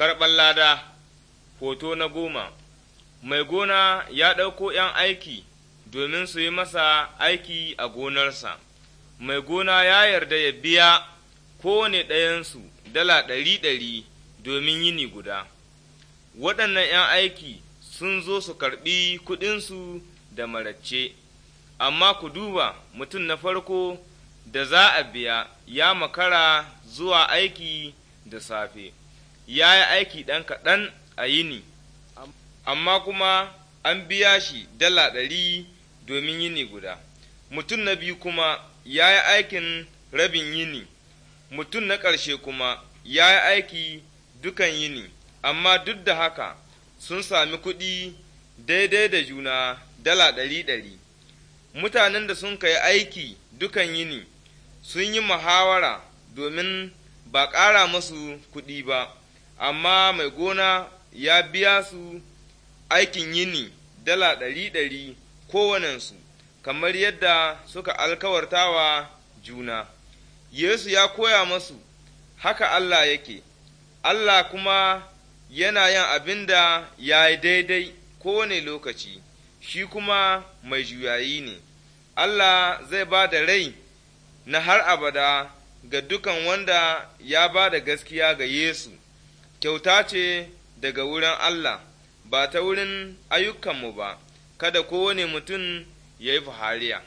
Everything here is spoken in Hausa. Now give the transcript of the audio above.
karɓar lada hoto na goma mai gona ya ɗauko ’yan aiki domin su yi masa aiki a gonarsa mai gona ya yarda ya biya kowane ɗayansu dala ɗari ɗari domin yini guda waɗannan ’yan aiki sun zo su karɓi kuɗinsu da maracce amma ku duba mutum na farko da za a biya ya makara zuwa aiki da safe ya yi aiki ɗan kaɗan a yini amma kuma an biya shi dala ɗari domin yini guda mutum na biyu kuma ya yi aikin rabin yini mutum na ƙarshe kuma ya yi aiki dukan yini amma duk da haka sun sami kuɗi daidai da juna dala ɗari ɗari mutanen da sun kai aiki dukan yini sun yi muhawara domin ba ƙara masu kuɗi ba amma mai gona ya biya su aikin yini dala ɗari ɗari kowanensu, kamar yadda suka alkawartawa juna. Yesu ya koya masu, haka Allah yake, Allah kuma yana yin abin da ya yi daidai kowane lokaci, shi kuma mai juyayi ne. Allah zai ba da rai na har abada ga dukan wanda ya ba da gaskiya ga Yesu. kyauta ce daga wurin Allah, ba ta wurin ayyukanmu ba, kada kowane mutum ya yi fahariya.